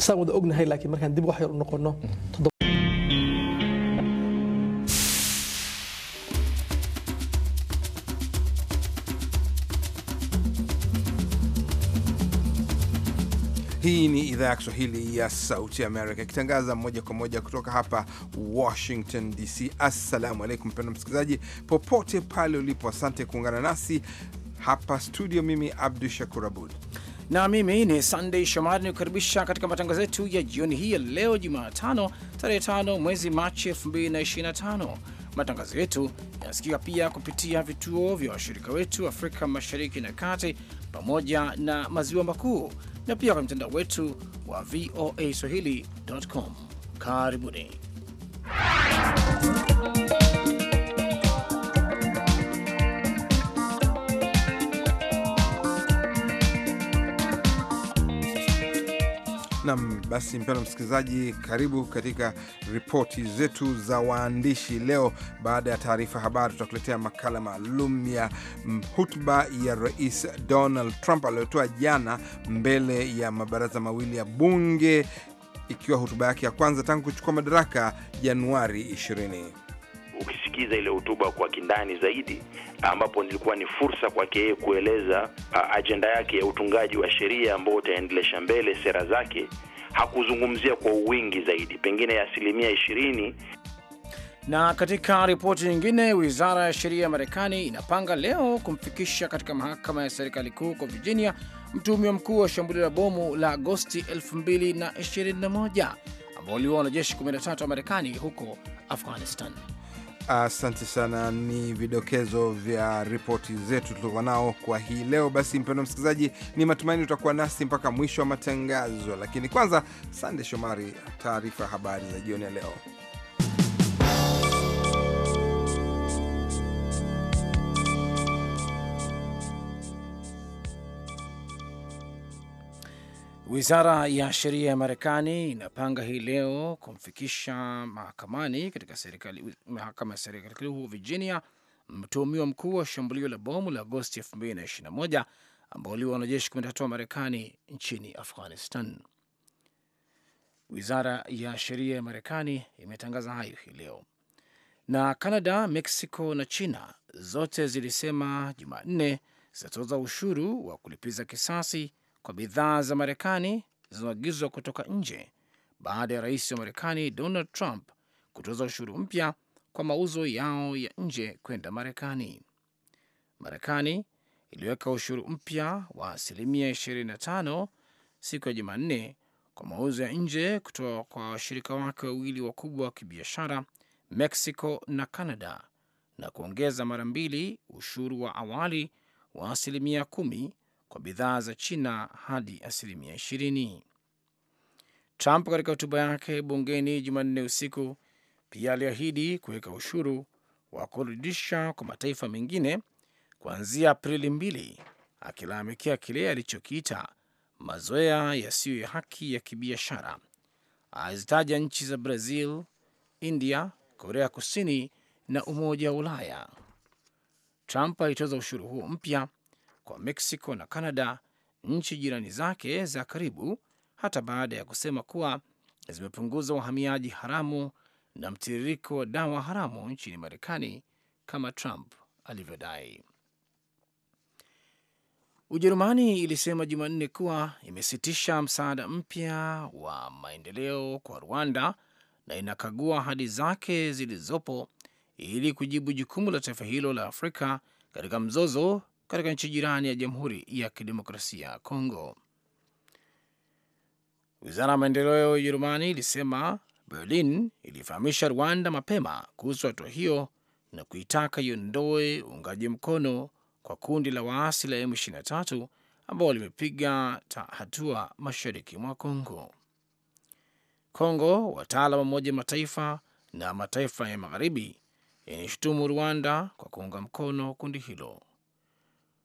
saan wada ognahay laakiin markaan dib wax yar u noqono mm-hmm. Hii ni idhaa ya Kiswahili ya Sauti Amerika ikitangaza moja kwa moja kutoka hapa Washington DC. Assalamu alaikum pendo msikilizaji, popote pale ulipo, asante kuungana nasi hapa studio. Mimi Abdu Shakur Abud na mimi ni Sunday Shomari nikukaribisha katika matangazo yetu ya jioni hii ya leo Jumatano tarehe 5 mwezi Machi 2025. Matangazo yetu yanasikika pia kupitia vituo vya washirika wetu Afrika Mashariki na Kati pamoja na Maziwa Makuu na pia kwenye mtandao wetu wa VOA Swahili.com. Karibuni. Nam basi, mpendwa msikilizaji, karibu katika ripoti zetu za waandishi leo. Baada ya taarifa habari, tutakuletea makala maalum ya mm, hutuba ya Rais Donald Trump aliyotoa jana mbele ya mabaraza mawili ya bunge, ikiwa hutuba yake ya kwanza tangu kuchukua madaraka Januari 20 kusikiza ile hotuba kwa kindani zaidi, ambapo nilikuwa ni fursa kwake yeye kueleza ajenda yake ya utungaji wa sheria ambao utaendelesha mbele sera zake. Hakuzungumzia kwa uwingi zaidi, pengine ya asilimia ishirini. Na katika ripoti nyingine, wizara ya sheria ya Marekani inapanga leo kumfikisha katika mahakama ya serikali kuu kwa Virginia mtumiwa mkuu wa shambulio la bomu la Agosti 221 ambao uliua wanajeshi 13 wa Marekani huko Afghanistan. Asante sana, ni vidokezo vya ripoti zetu tulikuwa nao kwa hii leo. Basi mpendwa msikilizaji, ni matumaini utakuwa nasi mpaka mwisho wa matangazo, lakini kwanza, Sande Shomari, taarifa ya habari za jioni ya leo. Wizara ya sheria ya Marekani inapanga hii leo kumfikisha mahakamani katika mahakama ya serikali kuu Virginia mtuhumiwa mkuu wa shambulio la bomu la Agosti 2021 ambao liwa wanajeshi 13 wa Marekani nchini Afghanistan. Wizara ya sheria ya Marekani imetangaza hayo hii leo. Na Canada, Mexico na China zote zilisema Jumanne zitatoza ushuru wa kulipiza kisasi kwa bidhaa za Marekani zinazoagizwa kutoka nje baada ya rais wa Marekani Donald Trump kutoza ushuru mpya kwa mauzo yao ya nje kwenda Marekani. Marekani iliweka ushuru mpya wa asilimia 25 siku ya Jumanne kwa mauzo ya nje kutoka kwa washirika wake wawili wakubwa wa kibiashara, Mexico na Canada, na kuongeza mara mbili ushuru wa awali wa asilimia kumi kwa bidhaa za China hadi asilimia ishirini. Trump katika hotuba yake bungeni Jumanne usiku pia aliahidi kuweka ushuru wa kurudisha kwa mataifa mengine kuanzia Aprili mbili, akilalamikia kile alichokiita mazoea yasiyo ya haki ya kibiashara. Azitaja nchi za Brazil, India, Korea Kusini na Umoja wa Ulaya. Trump alitoza ushuru huo mpya kwa Mexico na canada nchi jirani zake za karibu, hata baada ya kusema kuwa zimepunguza uhamiaji haramu na mtiririko wa dawa haramu nchini Marekani kama Trump alivyodai. Ujerumani ilisema Jumanne kuwa imesitisha msaada mpya wa maendeleo kwa Rwanda na inakagua ahadi zake zilizopo ili kujibu jukumu la taifa hilo la Afrika katika mzozo katika nchi jirani ya Jamhuri ya Kidemokrasia ya Kongo. Wizara ya maendeleo ya Ujerumani ilisema Berlin ilifahamisha Rwanda mapema kuhusu hatua hiyo na kuitaka iondoe uungaji mkono kwa kundi la waasi la M23 ambao limepiga hatua mashariki mwa Kongo. Kongo, wataalam wa Umoja Mataifa na mataifa ya magharibi yanashutumu Rwanda kwa kuunga mkono kundi hilo.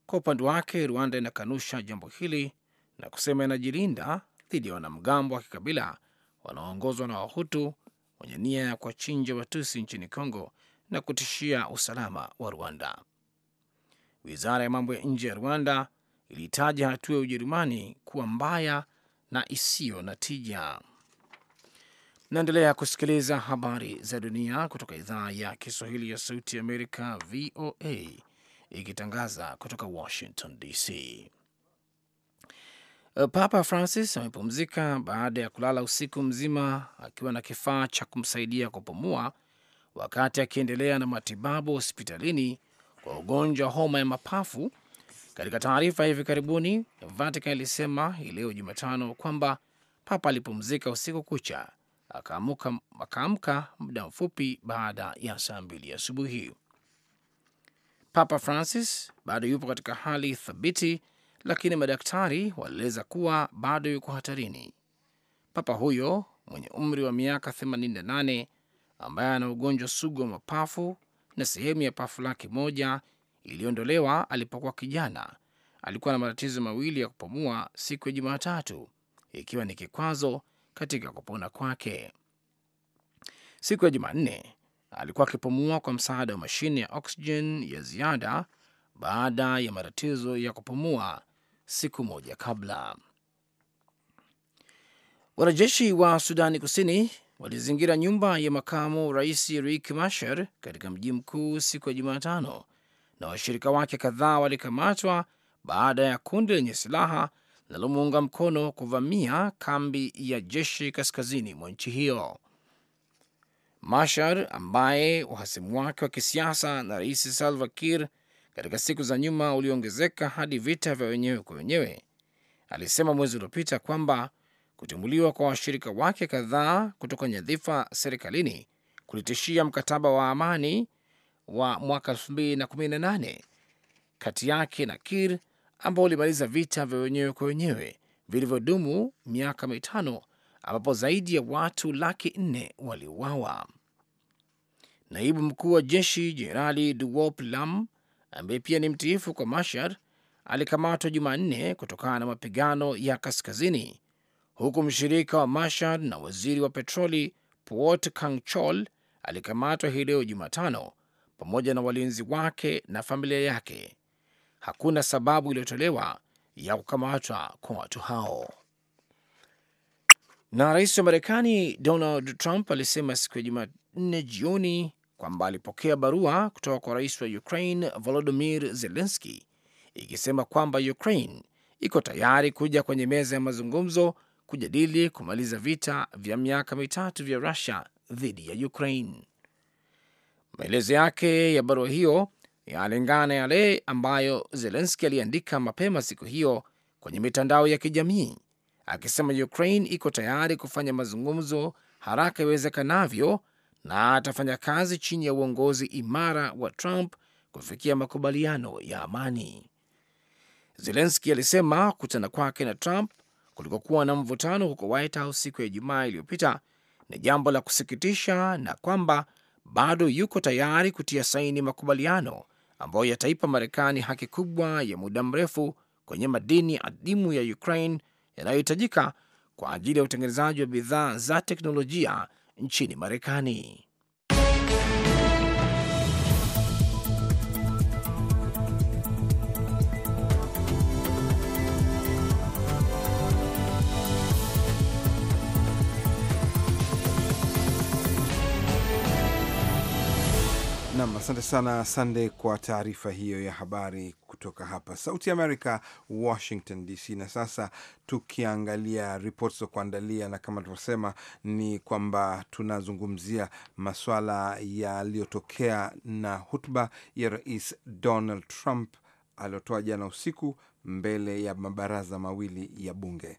Kwa upande wake, Rwanda inakanusha jambo hili na kusema inajilinda dhidi ya wanamgambo wa kikabila wanaoongozwa na Wahutu wenye nia ya kuwachinja Watusi nchini congo na kutishia usalama wa Rwanda. Wizara ya mambo ya nje ya Rwanda ilitaja hatua ya Ujerumani kuwa mbaya na isiyo na tija. Naendelea kusikiliza habari za dunia kutoka idhaa ya Kiswahili ya Sauti ya Amerika, VOA, ikitangaza kutoka Washington DC. Eh, Papa Francis amepumzika baada ya kulala usiku mzima akiwa na kifaa cha kumsaidia kupumua wakati akiendelea na matibabu hospitalini kwa ugonjwa wa homa ya mapafu. Katika taarifa hivi karibuni, Vatican ilisema hii leo Jumatano kwamba Papa alipumzika usiku kucha, akaamka muda mfupi baada ya saa mbili asubuhi. Papa Francis bado yupo katika hali thabiti, lakini madaktari walieleza kuwa bado yuko hatarini. Papa huyo mwenye umri wa miaka 88 ambaye ana ugonjwa sugu wa mapafu na sehemu ya pafu lake moja iliondolewa alipokuwa kijana, alikuwa na matatizo mawili ya kupumua siku ya Jumatatu, ikiwa ni kikwazo katika kupona kwake. Siku ya Jumanne, alikuwa akipumua kwa msaada wa mashine ya oksijen ya ziada baada ya matatizo ya kupumua siku moja kabla. Wanajeshi wa Sudani Kusini walizingira nyumba ya makamu rais Riek Machar katika mji mkuu siku ya Jumatano, na washirika wake kadhaa walikamatwa baada ya kundi lenye silaha linalomuunga mkono kuvamia kambi ya jeshi kaskazini mwa nchi hiyo. Mashar ambaye uhasimu wake wa kisiasa na Rais Salva Kiir katika siku za nyuma uliongezeka hadi vita vya wenyewe kwa wenyewe, alisema mwezi uliopita kwamba kutimuliwa kwa washirika wake kadhaa kutoka nyadhifa serikalini kulitishia mkataba wa amani wa mwaka 2018 kati yake na Kiir ambao ulimaliza vita vya wenyewe kwa wenyewe vilivyodumu miaka mitano ambapo zaidi ya watu laki nne waliuawa. Naibu mkuu wa jeshi Jenerali Duop Lam, ambaye pia ni mtiifu kwa Mashar, alikamatwa Jumanne kutokana na mapigano ya kaskazini, huku mshirika wa Mashar na waziri wa petroli Puot Kangchol alikamatwa hii leo Jumatano pamoja na walinzi wake na familia yake. Hakuna sababu iliyotolewa ya kukamatwa kwa watu hao. Na rais wa Marekani Donald Trump alisema siku ya Jumanne jioni kwamba alipokea barua kutoka kwa rais wa Ukraine volodimir zelenski ikisema kwamba Ukraine iko tayari kuja kwenye meza ya mazungumzo kujadili kumaliza vita vya miaka mitatu vya Rusia dhidi ya Ukraine. Maelezo yake ya barua hiyo yalingana yale ambayo zelenski aliandika mapema siku hiyo kwenye mitandao ya kijamii akisema Ukraine iko tayari kufanya mazungumzo haraka iwezekanavyo na atafanya kazi chini ya uongozi imara wa Trump kufikia makubaliano ya amani. Zelenski alisema kukutana kwake na Trump kulikokuwa na mvutano huko White House siku ya Ijumaa iliyopita ni jambo la kusikitisha na kwamba bado yuko tayari kutia saini makubaliano ambayo yataipa Marekani haki kubwa ya muda mrefu kwenye madini adimu ya Ukraine yanayohitajika kwa ajili ya utengenezaji wa bidhaa za teknolojia nchini Marekani. Nam, asante sana Sande kwa taarifa hiyo ya habari kutoka hapa Sauti Amerika, Washington DC. Na sasa tukiangalia ripoti za kuandalia, na kama tulivyosema ni kwamba tunazungumzia maswala yaliyotokea na hotuba ya Rais Donald Trump aliyotoa jana usiku mbele ya mabaraza mawili ya bunge.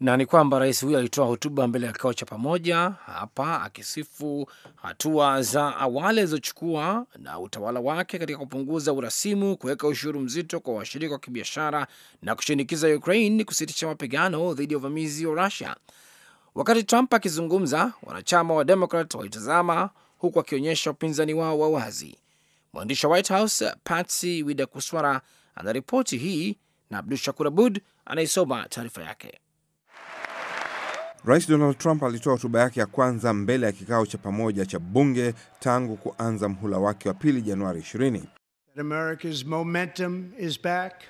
Na ni kwamba rais huyo alitoa hotuba mbele ya kikao cha pamoja hapa akisifu hatua za awali alizochukua na utawala wake katika kupunguza urasimu, kuweka ushuru mzito kwa washirika wa kibiashara na kushinikiza Ukraine kusitisha mapigano dhidi ya uvamizi wa Rusia. Wakati Trump akizungumza, wanachama wa Demokrat walitazama huku akionyesha upinzani wao wa wazi. Mwandishi wa White House Patsy Widakuswara anaripoti hii na Abdu Shakur Abud anayesoma taarifa yake. Rais Donald Trump alitoa hotuba yake ya kwanza mbele ya kikao cha pamoja cha bunge tangu kuanza mhula wake wa pili Januari 20.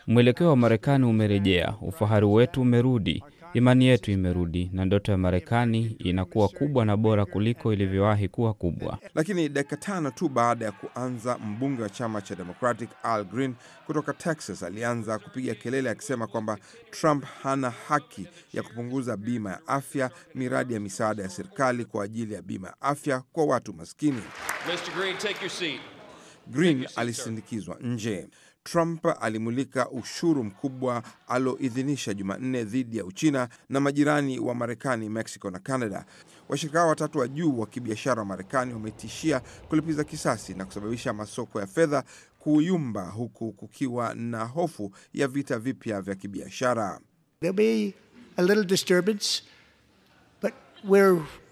Mwelekeo wa Marekani umerejea, ufahari wetu umerudi, Imani yetu imerudi na ndoto ya Marekani inakuwa kubwa na bora kuliko ilivyowahi kuwa kubwa. Lakini dakika tano tu baada ya kuanza, mbunge wa chama cha Democratic Al Green kutoka Texas alianza kupiga kelele akisema kwamba Trump hana haki ya kupunguza bima ya afya, miradi ya misaada ya serikali kwa ajili ya bima ya afya kwa watu maskini. Mr. Green, take your seat. Green alisindikizwa nje. Trump alimulika ushuru mkubwa alioidhinisha Jumanne dhidi ya Uchina na majirani wa Marekani, Mexico na Canada. Washirika hao watatu wa juu wa kibiashara wa Marekani wametishia kulipiza kisasi na kusababisha masoko ya fedha kuyumba, huku kukiwa na hofu ya vita vipya vya kibiashara.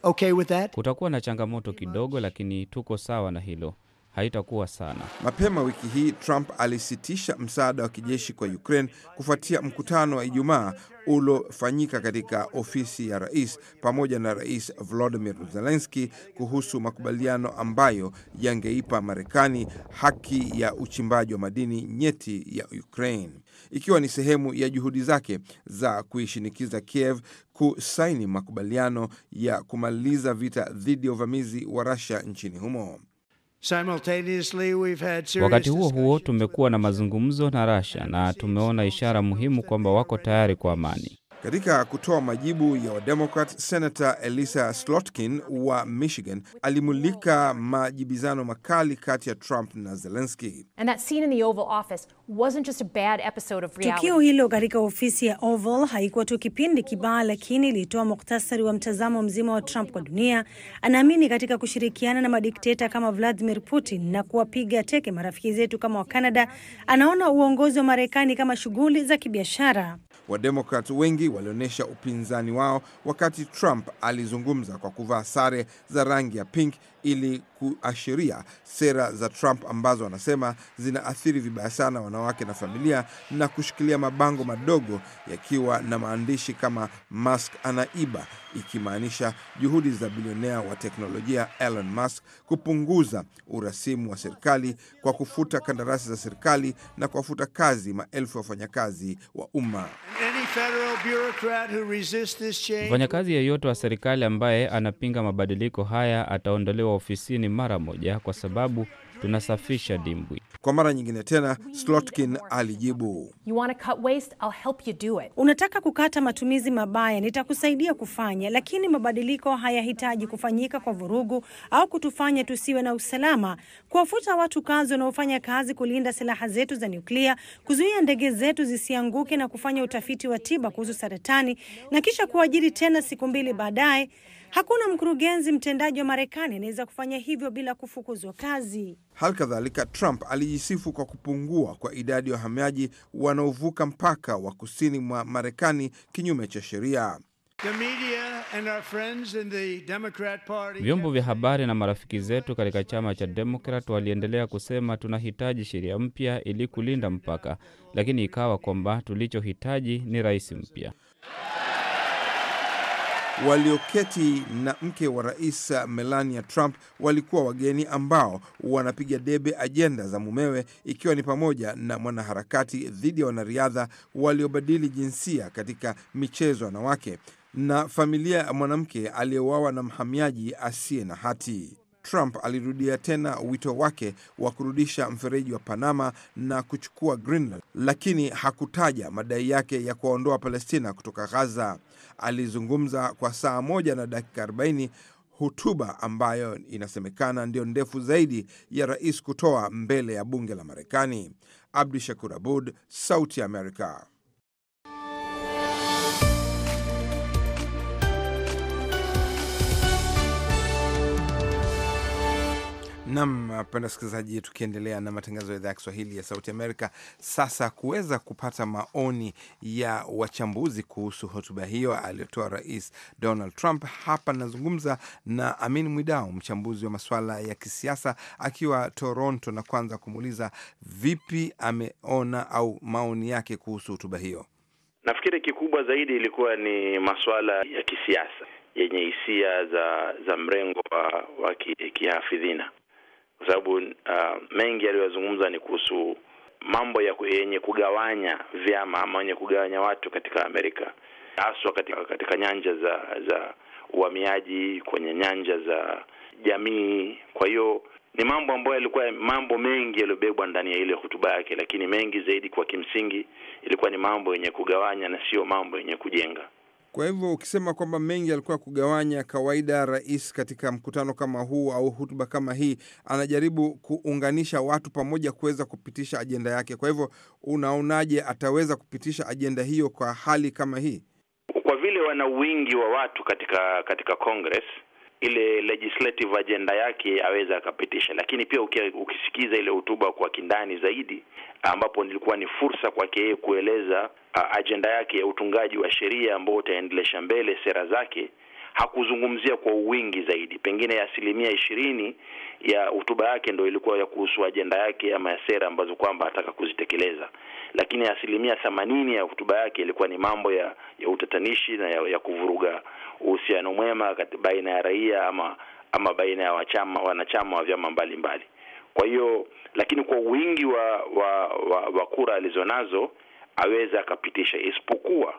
Okay, kutakuwa na changamoto kidogo, lakini tuko sawa na hilo haitakuwa sana. Mapema wiki hii Trump alisitisha msaada wa kijeshi kwa Ukraine kufuatia mkutano wa Ijumaa uliofanyika katika ofisi ya rais pamoja na Rais Volodymyr Zelensky kuhusu makubaliano ambayo yangeipa Marekani haki ya uchimbaji wa madini nyeti ya Ukraine, ikiwa ni sehemu ya juhudi zake za kuishinikiza Kiev kusaini makubaliano ya kumaliza vita dhidi ya uvamizi wa Russia nchini humo. Wakati huo huo, tumekuwa na mazungumzo na Russia na tumeona ishara muhimu kwamba wako tayari kwa amani. Katika kutoa majibu ya Wademokrat, Senator Elisa Slotkin wa Michigan alimulika majibizano makali kati ya Trump na Zelenski. Tukio hilo katika ofisi ya Oval haikuwa tu kipindi kibaya, lakini ilitoa muktasari wa mtazamo mzima wa Trump kwa dunia. Anaamini katika kushirikiana na madikteta kama Vladimir Putin na kuwapiga teke marafiki zetu kama Wakanada. Anaona uongozi wa Marekani kama shughuli za kibiashara. Wademokrat wengi wengi walionyesha upinzani wao wakati Trump alizungumza kwa kuvaa sare za rangi ya pink ili kuashiria sera za Trump ambazo anasema zinaathiri vibaya sana wanawake na familia, na kushikilia mabango madogo yakiwa na maandishi kama Musk anaiba, ikimaanisha juhudi za bilionea wa teknolojia Elon Musk kupunguza urasimu wa serikali kwa kufuta kandarasi za serikali na kuwafuta kazi maelfu ya wafanyakazi wa umma. Mfanyakazi yeyote wa serikali ambaye anapinga mabadiliko haya ataondolewa ofisini mara moja kwa sababu tunasafisha dimbwi. Kwa mara nyingine tena, Slotkin alijibu, waste, Unataka kukata matumizi mabaya, nitakusaidia kufanya, lakini mabadiliko hayahitaji kufanyika kwa vurugu au kutufanya tusiwe na usalama. Kuwafuta watu kazi wanaofanya kazi kulinda silaha zetu za nyuklia, kuzuia ndege zetu zisianguke, na kufanya utafiti wa tiba kuhusu saratani na kisha kuajiri tena siku mbili baadaye Hakuna mkurugenzi mtendaji wa Marekani anaweza kufanya hivyo bila kufukuzwa kazi. Hali kadhalika, Trump alijisifu kwa kupungua kwa idadi ya wahamiaji wanaovuka mpaka wa kusini mwa Marekani kinyume cha sheria. Vyombo vya habari na marafiki zetu katika chama cha Demokrat waliendelea kusema tunahitaji sheria mpya ili kulinda mpaka, lakini ikawa kwamba tulichohitaji ni rais mpya walioketi na mke wa rais Melania Trump walikuwa wageni ambao wanapiga debe ajenda za mumewe, ikiwa ni pamoja na mwanaharakati dhidi ya wanariadha waliobadili jinsia katika michezo ya wanawake na familia ya mwanamke aliyeuawa na mhamiaji asiye na hati. Trump alirudia tena wito wake wa kurudisha mfereji wa Panama na kuchukua Greenland, lakini hakutaja madai yake ya kuwaondoa Palestina kutoka Gaza. Alizungumza kwa saa moja na dakika 40, hotuba ambayo inasemekana ndio ndefu zaidi ya rais kutoa mbele ya bunge la Marekani. Abdu Shakur Abud, Sauti ya Amerika. Nam apenda wasikilizaji, tukiendelea na matangazo ya idhaa ya Kiswahili ya Sauti Amerika, sasa kuweza kupata maoni ya wachambuzi kuhusu hotuba hiyo aliyotoa Rais Donald Trump. Hapa nazungumza na Amin Mwidau, mchambuzi wa masuala ya kisiasa akiwa Toronto, na kwanza kumuuliza vipi ameona au maoni yake kuhusu hotuba hiyo. Nafikiri kikubwa zaidi ilikuwa ni masuala ya kisiasa yenye hisia za za mrengo wa, wa kihafidhina kwa sababu uh, mengi yaliyozungumza ni kuhusu mambo ya yenye kugawanya vyama ama yenye kugawanya watu katika Amerika, haswa katika, katika nyanja za za uhamiaji, kwenye nyanja za jamii. Kwa hiyo ni mambo ambayo yalikuwa mambo mengi yaliyobebwa ndani ya ile hotuba yake, lakini mengi zaidi kwa kimsingi ilikuwa ni mambo yenye kugawanya na sio mambo yenye kujenga. Kwa hivyo ukisema kwamba mengi alikuwa kugawanya, kawaida rais katika mkutano kama huu au hutuba kama hii anajaribu kuunganisha watu pamoja kuweza kupitisha ajenda yake. Kwa hivyo unaonaje ataweza kupitisha ajenda hiyo kwa hali kama hii? Kwa vile wana wingi wa watu katika katika Congress ile legislative agenda yake aweze akapitisha. Lakini pia ukisikiza ile hotuba kwa kindani zaidi, ambapo nilikuwa ni fursa kwake yeye kueleza agenda yake ya utungaji wa sheria ambao utaendelesha mbele sera zake, hakuzungumzia kwa wingi zaidi, pengine asilimia ishirini ya hotuba yake ndo ilikuwa ya kuhusu ajenda yake ama ya sera ambazo kwamba ataka kuzitekeleza, lakini asilimia themanini ya hotuba yake ilikuwa ni mambo ya, ya utatanishi na ya, ya kuvuruga uhusiano mwema baina ya raia ama ama baina ya wachama, wanachama wa vyama mbalimbali. Kwa hiyo lakini kwa wingi wa wa, wa, wa kura alizonazo aweza akapitisha isipokuwa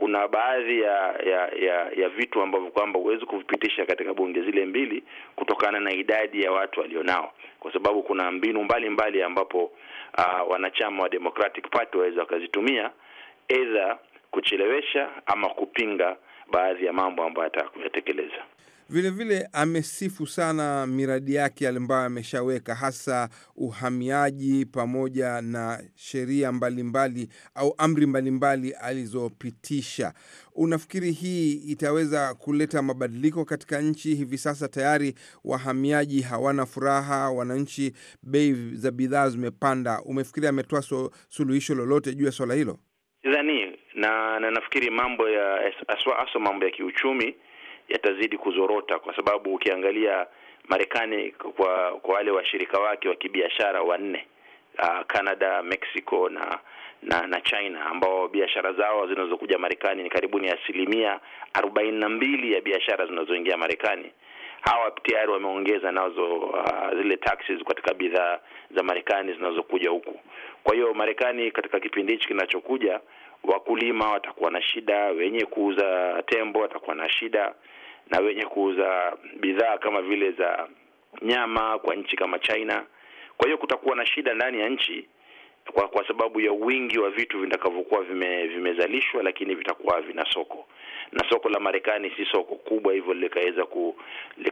kuna baadhi ya ya ya, ya vitu ambavyo kwamba huwezi kuvipitisha katika bunge zile mbili kutokana na idadi ya watu walionao, kwa sababu kuna mbinu mbalimbali mbali ambapo uh, wanachama wa Democratic Party waweza wakazitumia either kuchelewesha ama kupinga baadhi ya mambo ambayo yataka kuyatekeleza. Vilevile amesifu sana miradi yake ambayo ameshaweka, hasa uhamiaji pamoja na sheria mbalimbali au amri mbalimbali alizopitisha. Unafikiri hii itaweza kuleta mabadiliko katika nchi? Hivi sasa tayari wahamiaji hawana furaha, wananchi, bei za bidhaa zimepanda. Umefikiri ametoa so, suluhisho lolote juu ya swala hilo? Sidhani na, na nafikiri mambo ya aswa, aswa mambo ya kiuchumi yatazidi kuzorota, kwa sababu ukiangalia Marekani kwa kwa wale washirika wake wa kibiashara wanne, uh, Canada, Mexico na na na China ambao biashara zao zinazokuja Marekani ni karibu ni asilimia arobaini na mbili ya biashara zinazoingia Marekani. Hawa tayari wameongeza nazo uh, zile taxes katika bidhaa za Marekani zinazokuja huku. Kwa hiyo Marekani katika kipindi hichi kinachokuja, wakulima watakuwa na shida, wenye kuuza tembo watakuwa na shida, na wenye kuuza bidhaa kama vile za nyama kwa nchi kama China. Kwa hiyo kutakuwa na shida ndani ya nchi kwa, kwa sababu ya wingi wa vitu vitakavyokuwa vime, vimezalishwa lakini vitakuwa vina soko, na soko la Marekani si soko kubwa hivyo likaweza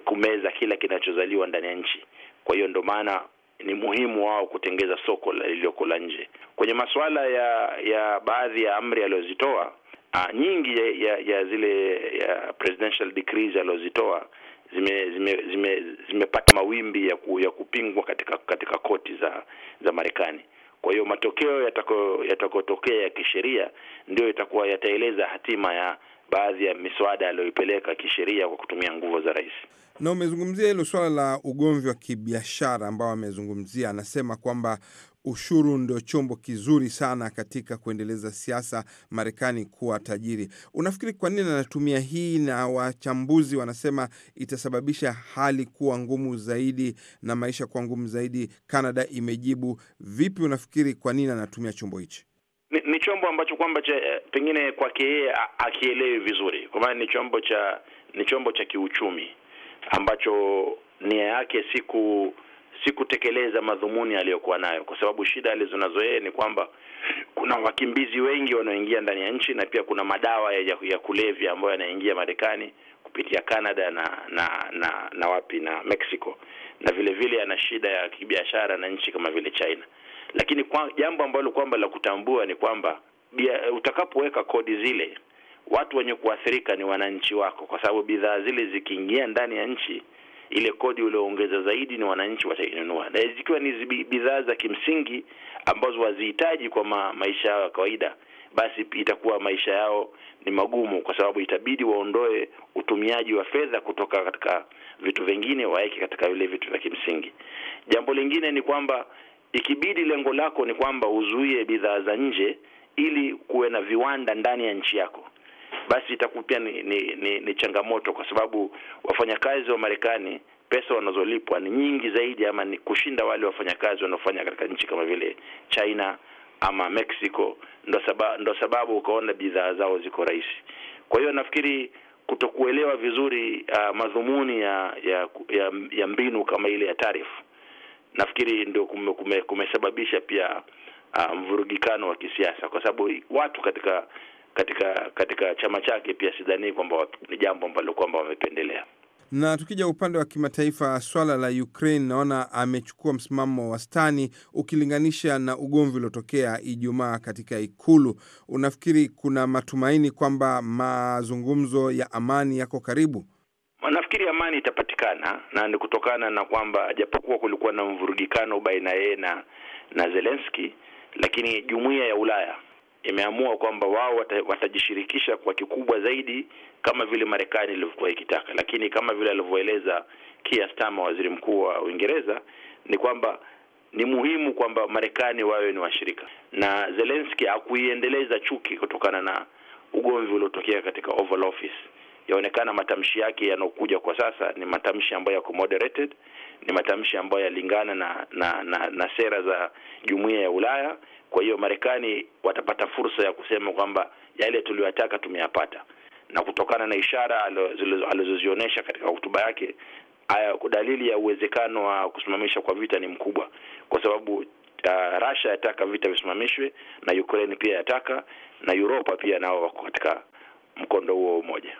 kumeza kila kinachozaliwa ndani ya nchi. Kwa hiyo ndo maana ni muhimu wao kutengeza soko lililoko la nje. Kwenye masuala ya ya baadhi ya amri aliyozitoa uh, nyingi ya, ya, ya zile ya presidential decrees alizozitoa zimepata zime, zime, zime mawimbi ya, ku, ya kupingwa katika katika koti za za Marekani. Kwa hiyo matokeo yatakotokea ya, ya kisheria ndio itakuwa yataeleza hatima ya baadhi ya miswada aliyoipeleka kisheria kwa kutumia nguvu za rais. Na umezungumzia hilo swala la ugomvi wa kibiashara ambao amezungumzia, anasema kwamba ushuru ndio chombo kizuri sana katika kuendeleza siasa Marekani kuwa tajiri. Unafikiri kwa nini anatumia hii? Na wachambuzi wanasema itasababisha hali kuwa ngumu zaidi na maisha kuwa ngumu zaidi. Kanada imejibu vipi? Unafikiri kwa nini anatumia chombo hichi? Ni, ni chombo ambacho kwamba cha eh, pengine kwake yeye akielewi vizuri, kwa maana ni chombo cha ni chombo cha kiuchumi ambacho nia yake siku si kutekeleza madhumuni aliyokuwa nayo, kwa sababu shida alizo nazo yeye ni kwamba kuna wakimbizi wengi wanaoingia ndani ya nchi na pia kuna madawa ya, ya kulevya ambayo yanaingia Marekani kupitia Canada na na na, na wapi na Mexico, na vile vile ana shida ya kibiashara na nchi kama vile China. Lakini kwa jambo ambalo kwamba la kutambua ni kwamba utakapoweka kodi zile, watu wenye kuathirika ni wananchi wako, kwa sababu bidhaa zile zikiingia ndani ya nchi ile kodi ulioongeza zaidi ni wananchi watainunua, na zikiwa ni bidhaa za kimsingi ambazo wazihitaji kwa ma maisha yao ya kawaida, basi itakuwa maisha yao ni magumu, kwa sababu itabidi waondoe utumiaji wa fedha kutoka katika vitu vingine, waeke katika vile vitu vya kimsingi. Jambo lingine ni kwamba ikibidi lengo lako ni kwamba uzuie bidhaa za nje ili kuwe na viwanda ndani ya nchi yako basi itakuwa pia ni, ni, ni, ni changamoto kwa sababu wafanyakazi wa Marekani pesa wanazolipwa ni nyingi zaidi ama ni kushinda wale wafanyakazi wanaofanya katika nchi kama vile China ama Mexico. Ndo sababu, ndo sababu ukaona bidhaa zao ziko rahisi. Kwa hiyo nafikiri kutokuelewa vizuri uh, madhumuni ya, ya ya ya mbinu kama ile ya tarifu nafikiri ndio kumesababisha kume, kume pia uh, mvurugikano wa kisiasa kwa sababu watu katika katika katika chama chake, pia sidhanii kwamba ni jambo ambalo kwamba wamependelea. Na tukija upande wa kimataifa, swala la Ukraine naona amechukua msimamo wa wastani ukilinganisha na ugomvi uliotokea Ijumaa katika Ikulu. Unafikiri kuna matumaini kwamba mazungumzo ya amani yako karibu? Nafikiri amani itapatikana, na ni kutokana na kwamba japokuwa kulikuwa na mvurugikano baina yeye na na Zelensky, lakini jumuiya ya Ulaya imeamua kwamba wao watajishirikisha kwa kikubwa zaidi kama vile Marekani ilivyokuwa ikitaka, lakini kama vile alivyoeleza kiastama waziri mkuu wa Uingereza, ni kwamba ni muhimu kwamba Marekani wawe ni washirika, na Zelensky akuiendeleza chuki kutokana na ugomvi uliotokea katika Oval Office yaonekana matamshi yake yanaokuja kwa sasa ni matamshi ambayo yako moderated, ni matamshi ambayo yalingana na, na, na, na sera za jumuiya ya Ulaya. Kwa hiyo Marekani watapata fursa ya kusema kwamba yale tuliyoyataka tumeyapata, na kutokana na ishara alizozionyesha katika hotuba yake haya, dalili ya uwezekano wa kusimamisha kwa vita ni mkubwa, kwa sababu Uh, rasha yataka vita visimamishwe na Ukraine pia yataka na uropa pia nao wako katika mkondo huo mmoja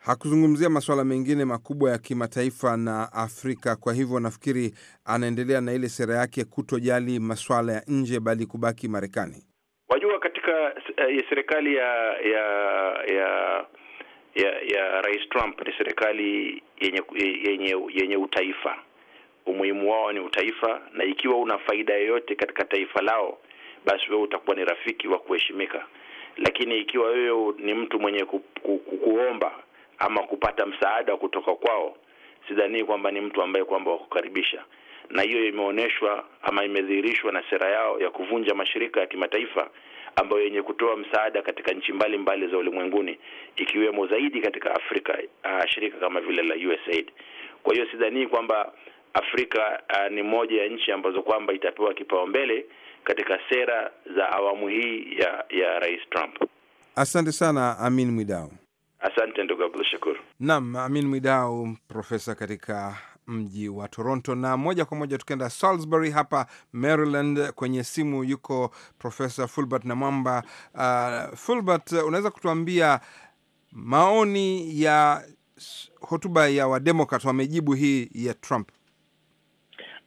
hakuzungumzia masuala mengine makubwa ya kimataifa na Afrika. Kwa hivyo nafikiri anaendelea na ile sera yake kutojali masuala ya nje, bali kubaki Marekani. Wajua, katika eh, serikali ya ya ya ya, ya Rais Trump ni serikali yenye, yenye, yenye utaifa. Umuhimu wao ni utaifa, na ikiwa una faida yoyote katika taifa lao, basi wewe utakuwa ni rafiki wa kuheshimika. Lakini ikiwa wewe ni mtu mwenye ku, ku, ku, kuomba ama kupata msaada kutoka kwao, sidhanii kwamba ni mtu ambaye kwamba wakukaribisha, na hiyo imeonyeshwa ama imedhihirishwa na sera yao ya kuvunja mashirika ya kimataifa ambayo yenye kutoa msaada katika nchi mbalimbali za ulimwenguni ikiwemo zaidi katika Afrika, uh, shirika kama vile la USAID. Kwa hiyo sidhanii kwamba Afrika uh, ni moja ya nchi ambazo kwamba itapewa kipaumbele katika sera za awamu hii ya ya Rais Trump. Asante sana Amin mwidao Asante ndugu Abdul Shakur. Naam, Amin Mwidau, profesa katika mji wa Toronto. Na moja kwa moja tukienda Salisbury hapa Maryland, kwenye simu yuko Profesa Fulbert Namwamba. Uh, Fulbert, unaweza kutuambia maoni ya hotuba ya Wademokrat, wamejibu hii ya Trump?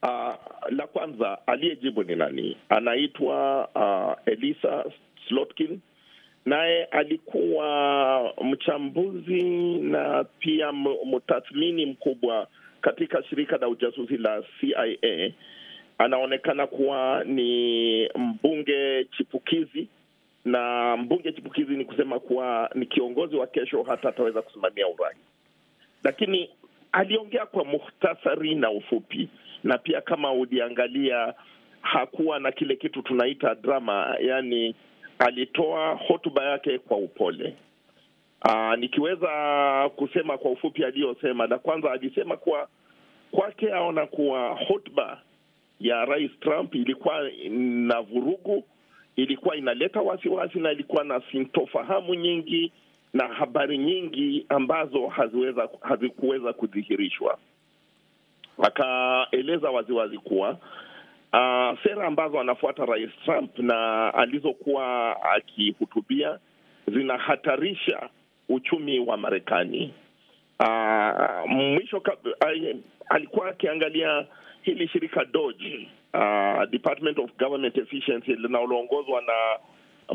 Uh, la kwanza aliyejibu ni nani? Anaitwa uh, Elisa Slotkin naye alikuwa mchambuzi na pia mtathmini mkubwa katika shirika la ujasusi la CIA. Anaonekana kuwa ni mbunge chipukizi, na mbunge chipukizi ni kusema kuwa ni kiongozi wa kesho, hata ataweza kusimamia urais. Lakini aliongea kwa muhtasari na ufupi, na pia kama uliangalia, hakuwa na kile kitu tunaita drama, yani alitoa hotuba yake kwa upole. Aa, ah, nikiweza kusema kwa ufupi aliyosema, la kwanza alisema kuwa kwake aona kuwa hotuba ya Rais Trump ilikuwa na vurugu, ilikuwa inaleta wasiwasi na ilikuwa na sintofahamu nyingi na habari nyingi ambazo haziweza hazikuweza kudhihirishwa. Akaeleza waziwazi kuwa uh, sera ambazo anafuata Rais Trump na alizokuwa akihutubia zinahatarisha uchumi wa Marekani. Uh, mwisho kabla, uh, alikuwa akiangalia hili shirika DOGE, uh, Department of Government Efficiency linaloongozwa na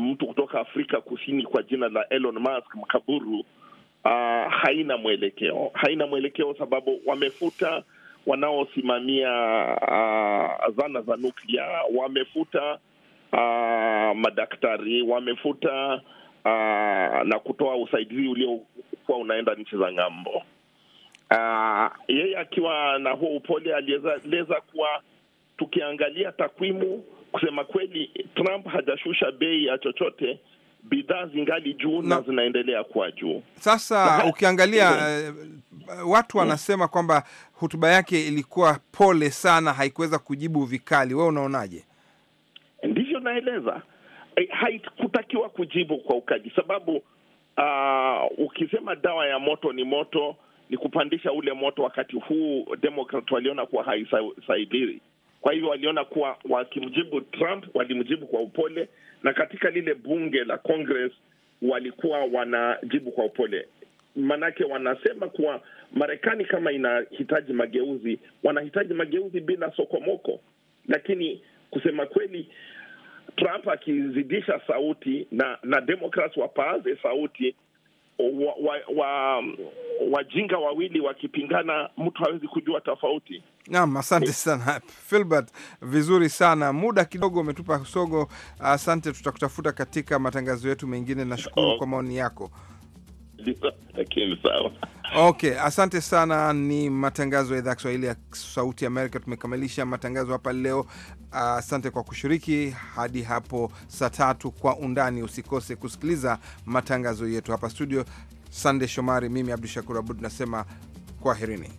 mtu kutoka Afrika Kusini kwa jina la Elon Musk mkaburu. Uh, haina mwelekeo, haina mwelekeo sababu wamefuta wanaosimamia uh, zana za nuklia wamefuta uh, madaktari wamefuta uh, na kutoa usaidizi uliokuwa unaenda nchi za ng'ambo. Uh, yeye akiwa na huo upole alieleza kuwa tukiangalia takwimu, kusema kweli, Trump hajashusha bei ya chochote bidhaa zingali juu na, na zinaendelea kuwa juu. Sasa ukiangalia uh, watu mm. wanasema kwamba hotuba yake ilikuwa pole sana, haikuweza kujibu vikali. Wewe unaonaje? Ndivyo naeleza, eh, haikutakiwa kujibu kwa ukali, sababu uh, ukisema dawa ya moto ni moto, ni kupandisha ule moto. Wakati huu Demokrat waliona kuwa haisaidii kwa hivyo waliona kuwa wakimjibu Trump walimjibu kwa upole, na katika lile bunge la Congress walikuwa wanajibu kwa upole. Maanake wanasema kuwa Marekani kama inahitaji mageuzi, wanahitaji mageuzi bila sokomoko. Lakini kusema kweli, Trump akizidisha sauti na na Democrats wapaaze sauti, wajinga wa, wa, wa wawili wakipingana, mtu hawezi kujua tofauti. Naam, asante eh. sana Filbert, vizuri sana muda kidogo umetupa sogo. Asante, tutakutafuta katika matangazo yetu mengine. Nashukuru kwa oh. maoni yako. Okay, asante sana. Ni matangazo ya idhaa ya Kiswahili ya Sauti Amerika. Tumekamilisha matangazo hapa leo. Asante kwa kushiriki hadi hapo saa tatu kwa undani. Usikose kusikiliza matangazo yetu hapa studio. Sande Shomari, mimi Abdu Shakur Abud nasema kwaherini.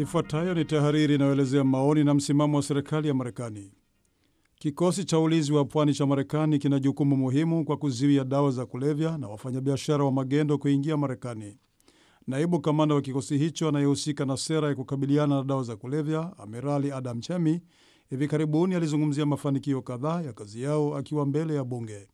Ifuatayo ni tahariri inayoelezea maoni na msimamo wa serikali ya Marekani. Kikosi cha ulinzi wa pwani cha Marekani kina jukumu muhimu kwa kuzuia dawa za kulevya na wafanyabiashara wa magendo kuingia Marekani. Naibu kamanda wa kikosi hicho anayehusika na sera ya kukabiliana na dawa za kulevya, Amirali Adam Chemi, hivi karibuni alizungumzia mafanikio kadhaa ya kazi yao akiwa mbele ya bunge.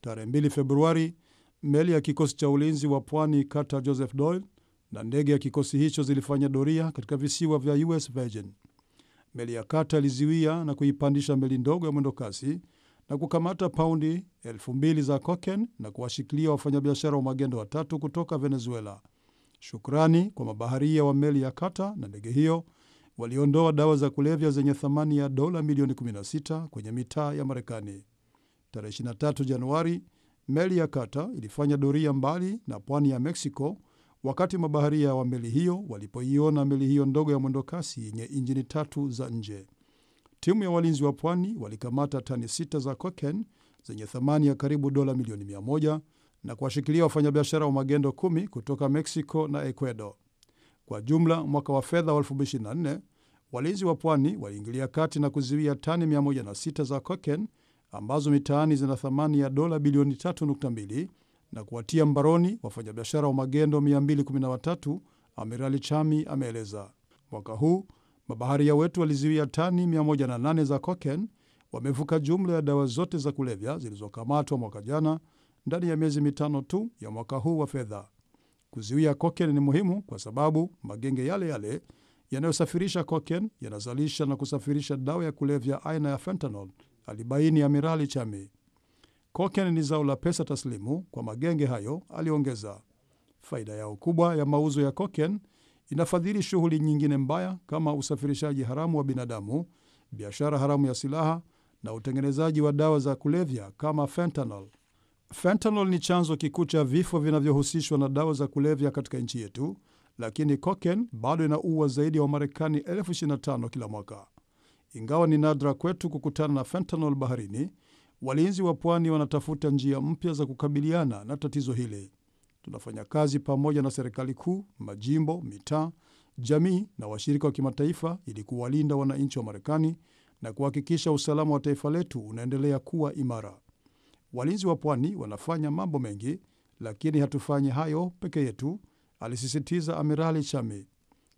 Tarehe 2 Februari, meli ya kikosi cha ulinzi wa pwani Kata Joseph Doyle na ndege ya kikosi hicho zilifanya doria katika visiwa vya US Virgin. Meli ya Kata iliziwia na kuipandisha meli ndogo ya mwendokasi na kukamata paundi elfu mbili za cocaine na kuwashikilia wafanyabiashara wa magendo watatu kutoka Venezuela. Shukrani kwa mabaharia wa meli ya Kata na ndege hiyo waliondoa dawa za kulevya zenye thamani ya dola milioni 16 kwenye mitaa ya Marekani. Tarehe 23 Januari, meli ya Kata ilifanya doria mbali na pwani ya Mexico wakati mabaharia wa meli hiyo walipoiona meli hiyo ndogo ya mwendokasi yenye injini tatu za nje. Timu ya walinzi wa pwani walikamata tani sita za coken zenye thamani ya karibu dola milioni 1 na kuwashikilia wafanyabiashara wa magendo kumi kutoka Mexico na Ecuador. Kwa jumla, mwaka wa fedha wa 2024 walinzi wa pwani waliingilia kati na kuziwia tani 16 za coken ambazo mitaani zina thamani ya dola bilioni 3.2 na kuwatia mbaroni wafanyabiashara wa magendo 213, Amirali Chami ameeleza. Mwaka huu mabaharia wetu walizuia tani 18 za coken wamevuka jumla ya dawa zote za kulevya zilizokamatwa mwaka jana ndani ya miezi mitano tu ya mwaka huu wa fedha. Kuzuia coken ni muhimu kwa sababu magenge yale yale yanayosafirisha coken yanazalisha na kusafirisha dawa ya kulevya aina ya fentanol alibaini Amirali Chami. Koken ni zao la pesa taslimu kwa magenge hayo, aliongeza. Faida yao kubwa ya mauzo ya koken inafadhili shughuli nyingine mbaya kama usafirishaji haramu wa binadamu, biashara haramu ya silaha na utengenezaji wa dawa za kulevya kama fentanyl. Fentanyl ni chanzo kikuu cha vifo vinavyohusishwa na dawa za kulevya katika nchi yetu, lakini koken bado inaua zaidi ya wa Wamarekani elfu 25 kila mwaka. Ingawa ni nadra kwetu kukutana na fentanyl baharini, Walinzi wa pwani wanatafuta njia mpya za kukabiliana na tatizo hili. Tunafanya kazi pamoja na serikali kuu, majimbo, mitaa, jamii na washirika wa kimataifa ili kuwalinda wananchi wa Marekani na kuhakikisha usalama wa taifa letu unaendelea kuwa imara. Walinzi wa pwani wanafanya mambo mengi, lakini hatufanyi hayo peke yetu, alisisitiza Amirali Chami.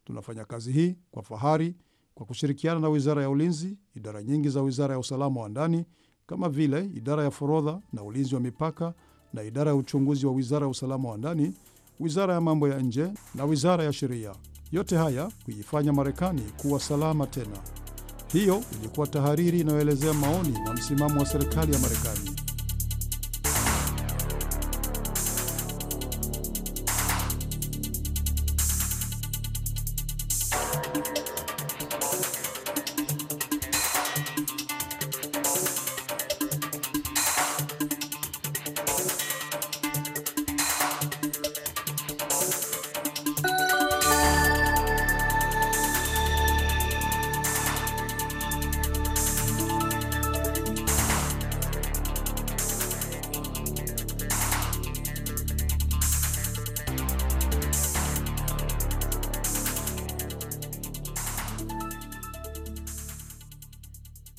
Tunafanya kazi hii kwa fahari kwa kushirikiana na Wizara ya Ulinzi, idara nyingi za Wizara ya Usalama wa Ndani kama vile idara ya forodha na ulinzi wa mipaka na idara ya uchunguzi wa wizara ya usalama wa ndani, wizara ya mambo ya nje na wizara ya sheria, yote haya kuifanya Marekani kuwa salama tena. Hiyo ilikuwa tahariri inayoelezea maoni na msimamo wa serikali ya Marekani.